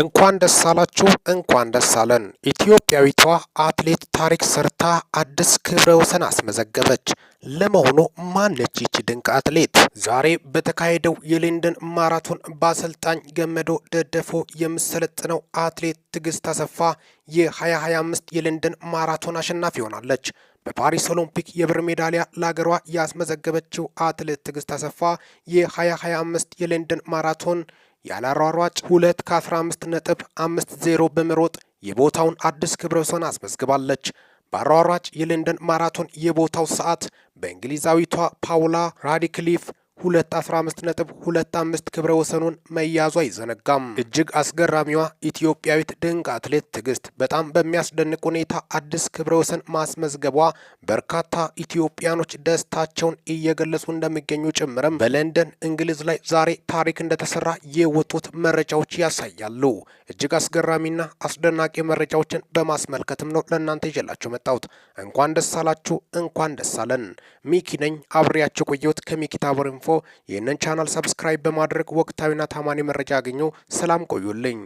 እንኳን ደስ አላችሁ፣ እንኳን ደስ አለን። ኢትዮጵያዊቷ አትሌት ታሪክ ሰርታ አዲስ ክብረ ወሰን አስመዘገበች። ለመሆኑ ማነች ይቺ ድንቅ አትሌት? ዛሬ በተካሄደው የሌንደን ማራቶን በአሰልጣኝ ገመዶ ደደፎ የምሰለጥነው አትሌት ትዕግስት አሰፋ የ2025 የሌንደን ማራቶን አሸናፊ ሆናለች። በፓሪስ ኦሎምፒክ የብር ሜዳሊያ ለሀገሯ ያስመዘገበችው አትሌት ትዕግስት አሰፋ የ2025 የለንደን ማራቶን ያላሯሯጭ ሁለት ከ15 ነጥብ 50 በመሮጥ የቦታውን አዲስ ክብረ ወሰን አስመዝግባለች። በአሯሯጭ የለንደን ማራቶን የቦታው ሰዓት በእንግሊዛዊቷ ፓውላ ራዲክሊፍ አምስት ክብረ ወሰኑን መያዙ አይዘነጋም። እጅግ አስገራሚዋ ኢትዮጵያዊት ድንቅ አትሌት ትዕግስት በጣም በሚያስደንቅ ሁኔታ አዲስ ክብረ ወሰን ማስመዝገቧ በርካታ ኢትዮጵያኖች ደስታቸውን እየገለጹ እንደሚገኙ ጭምርም በለንደን እንግሊዝ ላይ ዛሬ ታሪክ እንደተሰራ የወጡት መረጃዎች ያሳያሉ። እጅግ አስገራሚና አስደናቂ መረጃዎችን በማስመልከትም ነው ለእናንተ ይዤላችሁ መጣሁት። እንኳን ደስ አላችሁ፣ እንኳን ደስ አለን። ሚኪ ነኝ አብሬያችሁ ቆየሁት ከሚኪታቦር ኢንፎ አልፎ ይህንን ቻናል ሰብስክራይብ በማድረግ ወቅታዊና ታማኒ መረጃ አግኙ። ሰላም ቆዩልኝ።